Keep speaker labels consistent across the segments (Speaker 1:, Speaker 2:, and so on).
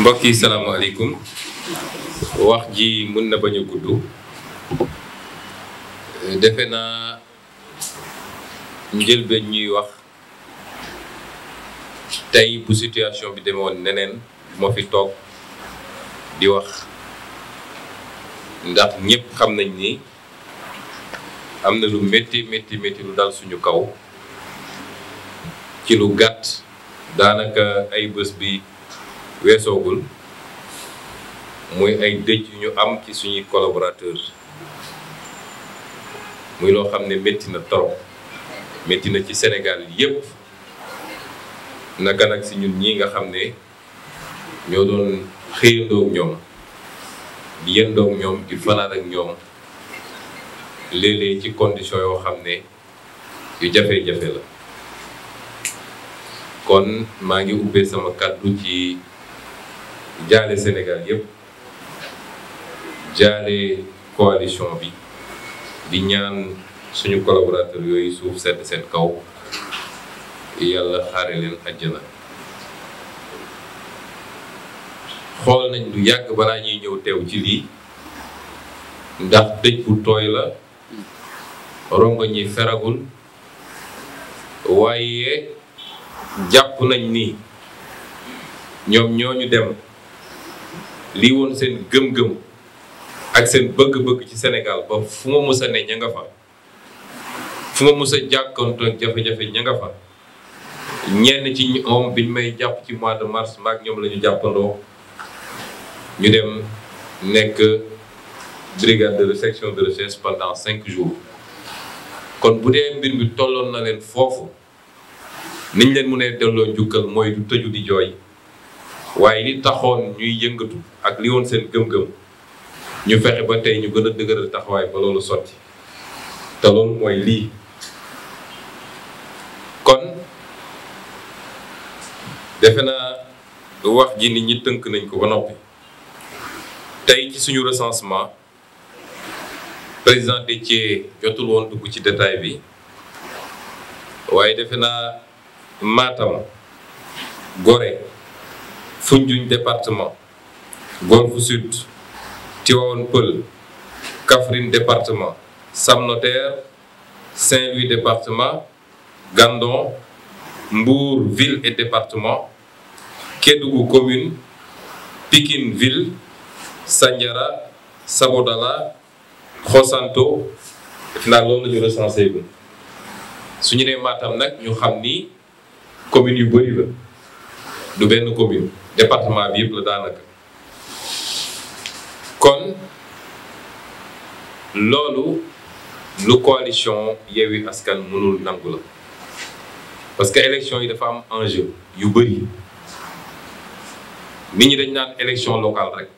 Speaker 1: mbokk yi salaamaaleykum wax ji mën na bañ gudd euh, defe na njëlbeen ñuy wax tey bu situation bi demewoon neneen moo fi toog di wax ndax ñépp xam nañ ni am na lu métti métti métti lu dal suñu kaw ci lu gàtt daanaka ay bés bi weesoogul muy ay dëj ñu am ci suñuy collaborateurs muy loo xam ne metti na torop métti na ci Sénégal yépp naka nag si ñun ñi nga xam ne ñoo doon xëyandoog ñoom di yendoog ñoom di fanaan ak ñoom léeg ci condition yoo xam ne yu jafe-jafe la kon maa ngi ubbee sama kàddu ci jaale Sénégal yëpp jaale coalition bi di ñaan suñu collaborateur yooyu suuf set seen kaw yàlla xaare leen àjjana xool nañ du yàgg balaa ñuy ñëw teew ci lii ndax dëj bu tooy la rongo ñi feragul waaye jàpp nañ ni ñoom ñoo ñu dem lii woon seen gëm-gëm ak seen bëgg-bëgg ci Sénégal ba fu ma mës a ne ña fa fu ma mës a jàkkoontoon jafe-jafe ña fa ñenn ci ñoom biñ may jàpp ci mois de mars maag ñoom lañu ñu jàppandoo ñu dem nekk brigade de section de recherche pendant cinq jours kon bu dee mbir mi tolloon na leen foofu niñ leen mu ne delloo njukkal mooy du tëju di jooy waaye li taxoon ñuy yëngatu ak lii woon seen gëm-gëm ñu fexe ba tey ñu gën a dëgëral taxawaay ba loolu sotti te loolu mooy lii kon defe naa wax ji nit ñi tënk nañ ko ba noppi tey ci suñu recensement président Déthié jotul woon dugg ci détail bi waaye defe naa maatam gore Foundiougne département Golf Sud Tiwon Peul, département Sam Saint-Louis département Gandon Mbour ville et département Kédougou commune Pikine ville Sandiara Sabodala Khosanto, def de nous la ñu recensé du benn commune département bi yëpp la daanaka kon loolu lu coalition yewi Askan mënul nangu la parce que élection yi dafa am enjeu yu bëri nit ñi dañ naan élection locale rek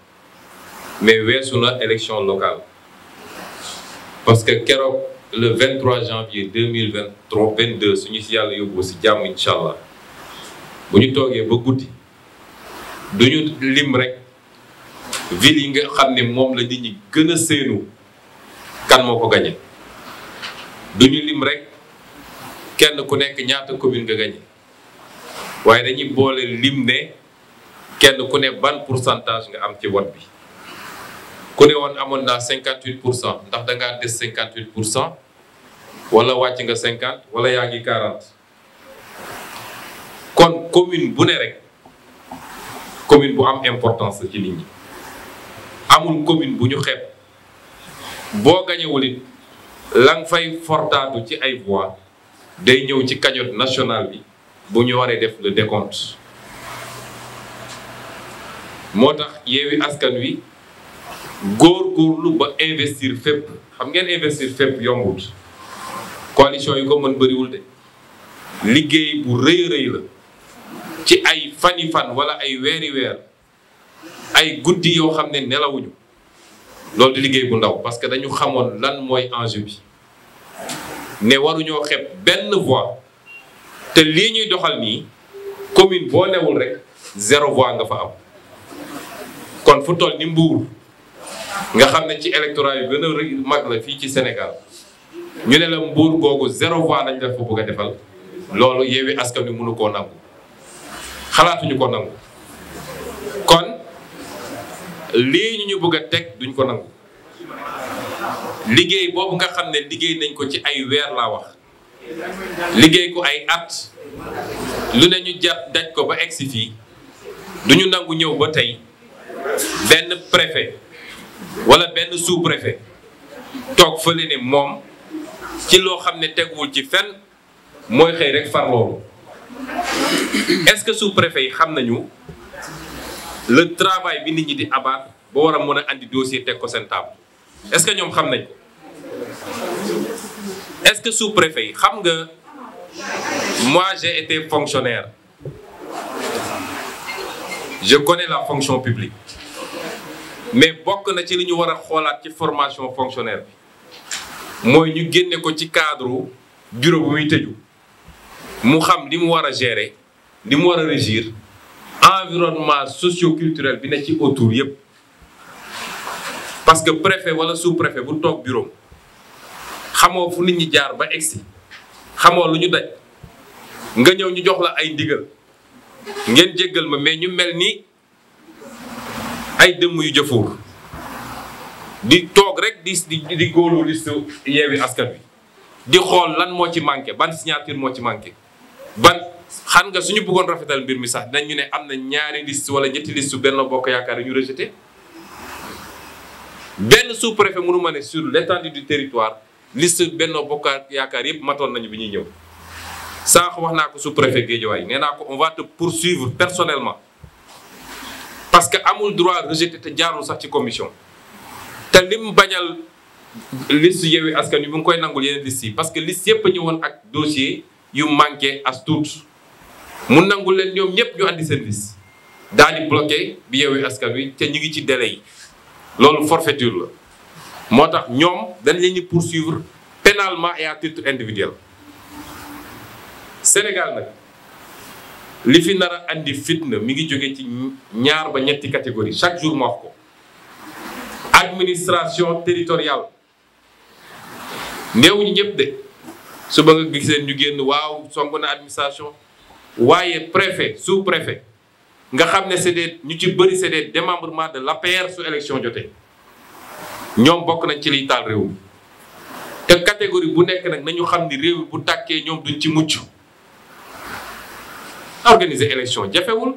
Speaker 1: mais weesu une élection locale parce que le 23 janvier 2023 22 suñu si yàlla yóbbu si bu ñu toogee ba guddi du ñu lim rek ville yi nga xam ne moom la nit ñi gën a séenu kan moo ko gañe du ñu lim rek kenn ku nekk ñaata commune nga gañe waaye dañuy boole lim ne kenn ku ne ban pourcentage nga am ci vote bi ku ne woon amoon naa 58 pour cent ndax dangaa des 58 pour cent wala wàcc nga 50 wala yaa ngi 40 commune bu ne rek commune bu am importance ci nit amul commune bu ñu xeeb boo gañewul lan fay fortaatu ci ay voix day ñëw ci cagnotte nationale bi bu ñu waree def le décompte moo tax yeewi askan wi góor-góorlu ba investir fépp xam ngeen investir fépp yombut coalition yi ko mën bëriwul de liggéey bu rëy rëy la ci ay fan fani fan wala ay weeri weer ay guddi yoo xam ne nelawuñu loolu di liggéey bu ndaw parce que dañu xamoon lan mooy enjeu bi ne waruñoo xep benn voix te lii ñuy doxal nii commune boo newul rek zéro voix nga fa am kon fu toll ni Mbour nga xam ne ci électorat yu gën a mag la fii ci Sénégal ñu ne la Mbour googu zéro voix lañ la fa bëgg defal loolu Yewwi Askan bi mënu koo nangu xalaatuñu ko nangu kon lii ñu ñu bëgg a teg duñ ko nangu liggéey boobu nga xam ne liggéey nañ ko ci ay weer laa wax liggéey ko ay at lu ne ñu jàpp daj ko ba egsi fii duñu nangu ñëw ba tey benn préfet wala benn sous préfet toog fële ne moom ci loo xam ne teguwul ci fen mooy xëy rek far loolu est-ce que sous-préfet le travail bi nous avons di pour bo wara dossier tek ko est-ce que nous xam ko est-ce que sous-préfet xam nga moi j'ai été fonctionnaire je connais la fonction publique mais si na ci li ñu wara a ci formation fonctionnaire nous avons ñu ko ci cadre bureau bu muy mu xam li mu war a gérer li mu war a régir environnement socio-culturel bi ne ci autour yépp parce que préfet wala sous-préfet bu toog bureau xamoo fu nit ñi jaar ba egsi xamoo lu ñu daj nga ñëw ñu jox la ay ndigal ngeen jéggal ma mais ñu mel ni ay dëmm yu jëfuur di toog rek di di góolu liste yeewi askan wi di xool lan moo ci manqué ban signature moo ci manqué ban xam nga suñu bëggoon rafetal mbir mi sax ñu ne am na ñaari liste wala ñetti liste benn bokk yaakaar ñu rejeté benn sous-préfet mënu ma ne sur l'étendue du territoire liste benn bokk yaakaar yëpp matoon nañu bi ñuy ñëw sànq wax naa ko sous-préfet Guédiawaye nee naa ko on va te poursuivre personnellement parce que amul droit rejeté te jaarul sax ci commission te lim bañal liste Yewwi Askan Wi mu ngi koy nangul yeneen liste yi parce que liste yëpp ñëwoon ak dossier yu manqué as tuut mu nangu leen ñoom ñëpp ñu andi service daal di bloqué bi Yewwi Askan Wi te ñu ngi ci délai yi loolu forfaiture la moo tax ñoom dañ leen ñu poursuivre pénalement et à titre individuel Sénégal nag li fi nar a andi fitna mi ngi jóge ci ñaar ba ñetti catégorie chaque jour ma wax ko administration territoriale néew ñu de su ba nga gisee ñu génn waaw song na administration waaye préfet sous préfet nga xam ne c'est des ñu ci bëri c'est des démembrements de l'APR su élection jotee ñoom bokk nañ ci liy taal réew mi te catégorie bu nekk nag nañu xam ni réew bu tàkkee ñoom duñ ci mucc organiser élection jafewul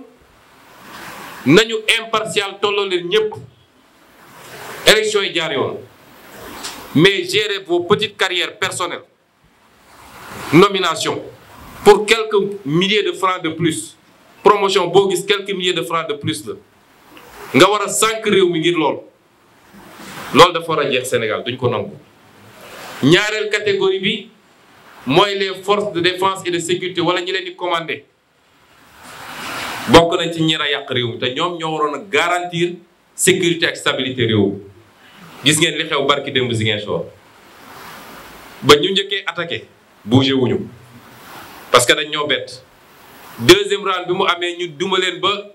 Speaker 1: nañu impartial tolloo leen ñëpp élection yi jaar yoon mais gérer vos petites carrières personnelles nomination pour quelques milliers de francs de plus promotion boo quelques milliers de francs de plus nous nga wara a sànq réew mi ngir lool loolu dafa war a jeex Sénégal duñ ko nangu catégorie bi moy les forces de défense et de sécurité wala ñi leen di commandé bokk na ci ñi a yàq réew sécurité te ñom ñoo waroon garantir sécurité ak stabilité réew gis ngeen li xew barki démb ba ñu bougé wuñu parce que dañ ñoo bett deuxième round bi mu amee ñu duma ba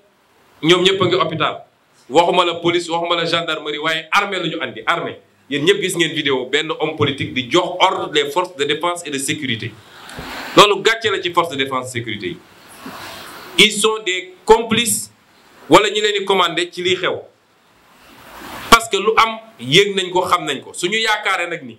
Speaker 1: ñoom ñëpp a ngi hôpital waxuma la police waxuma la gendarmerie waaye armée la ñu andi armée yéen ñëpp gis ngeen vidéo benn homme politique di jox ordre les forces de défense et de sécurité loolu gàcce la ci force de défense sécurité yi ils sont des complices wala ñi leen di commandé ci liy xew parce que lu am yéeg nañ ko xam nañ ko suñu yaakaaree nag ni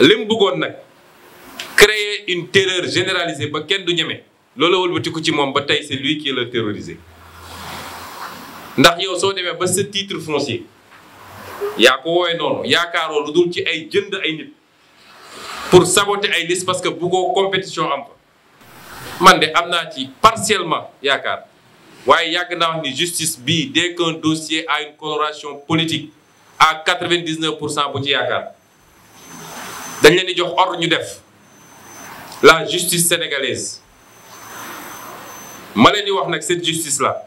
Speaker 1: lim mu bëggoon nag créer une terreur généralisée ba kenn du ñeme loolu wëlbatiku ci moom ba tey c'est lui qui est le terrorisé ndax yow soo demee ba sa titre foncier yaa ko woowee noonu yaakaaroo lu dul ci ay jënd ay nit pour saboter ay liste parce que bëggoo compétition am fa man de am naa ci partiellement yaakaar waaye yàgg naa wax ni justice bii dès qu'un dossier a une coloration politique à 99 pour cent bu ci yaakaar dañ leen di jox or ñu def la justice sénégalaise ma leen di wax nag cette justice là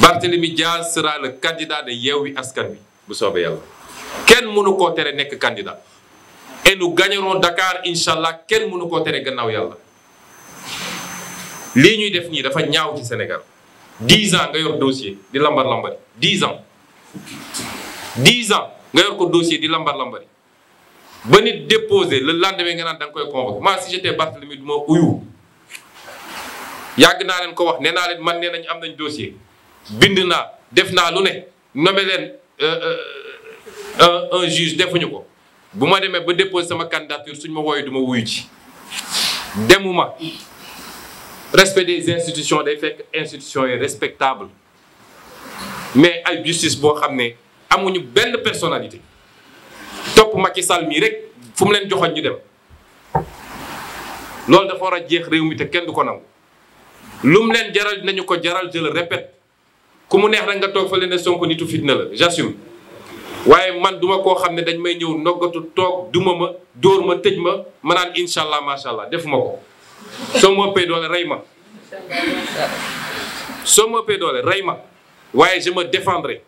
Speaker 1: Barthélémy Diaz sera le candidat de Yewi Askan Wi bu soobee yàlla kenn mënu koo tere nekk candidat et nous gagnerons Dakar incha allah kenn mënu koo tere gannaaw yàlla lii ñuy def nii dafa ñaaw ci Sénégal 10 ans nga yor dossier di lambar lambari 10 ans 10 ans nga yor ko dossier di lambar lambari ba nit déposé le lendemain nga naan da koy convoqué moi si j'étais Barthélemy du ma ouïe Yag naa leen ko wax nee naa leen man nee am nañ dossier bind na def naa lu ne euh, euh, euh, un juge defuñu ko bu ma demee ba déposé sama candidature suñ ma wooyu du ma wuyu ci demuma respect des institutions des fekk institutions yi respectable mais ay justice boo xam ne amuñu belle personnalité topp Macky Sall mii rek fu mu leen joxoon ñu dem loolu dafa war a jeex réew mi te kenn du ko nangu lu mu leen jaral nañu ko jaral je le ku mu neex rek nga toog fa leen ne Sonko nitu fitna la j'assume waaye man duma koo xam ne dañ may ñëw noggatu toog duma ma dóor ma tëj ma ma naan incha allah macha allah defuma ko soo ma ëppee doole rey ma soo ma ëppee doole rey ma waaye je defendre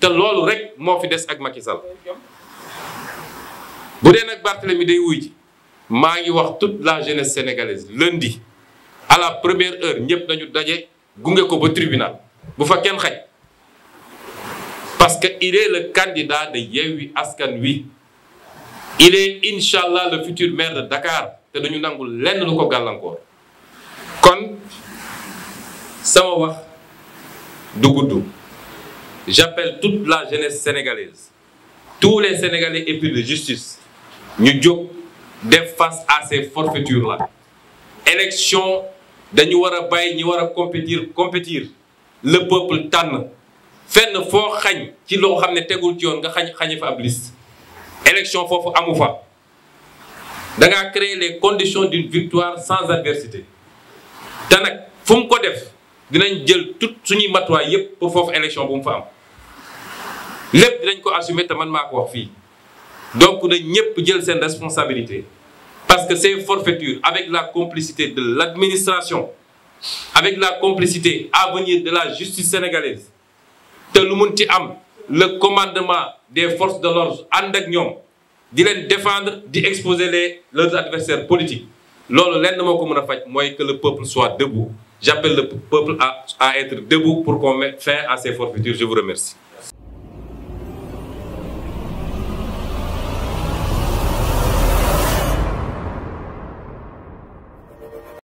Speaker 1: te loolu rek moo fi des ak Macky Sall bu dee nag Barthélemy day wuy ji maa ngi toute la jeunesse sénégalaise lundi à la première heure ñëpp nañu daje gunge ko ba tribunal Vous fa kenn xaj parce que il est le candidat de Yewwi Askan il est inshallah le futur maire de Dakar l'un de nangul lenn lu ko gàllankoor kon sama wax du gudd j'appelle toute la jeunesse sénégalaise tous les Sénégalais et puis de justice ñu jóg def face à ces forfaitures là élection dañu wara bay bàyyi ñi war compétir compétir le peuple tànn fenn fo xagn ci lo xamné tégul ci yoon nga xagn xagn fa ab élection fofu amu fa da nga créer les conditions d'une victoire sans adversité te nak fu ko def dinañ jël tout suñu matuwaay yépp pour foofu élection bu mu fa am lépp dinañ ko assumer te man mako wax fi donc on a jël seen responsabilité parce que ces forfaitures avec la complicité de l'administration avec la complicité à venir de la justice sénégalaise le commandement des forces de l'ordre Andak défendre d'exposer exposer les leurs adversaires politiques Lors lenn veux que le peuple soit debout j'appelle le peuple à à être debout pour qu'on mette fin à ces forfaitures je vous remercie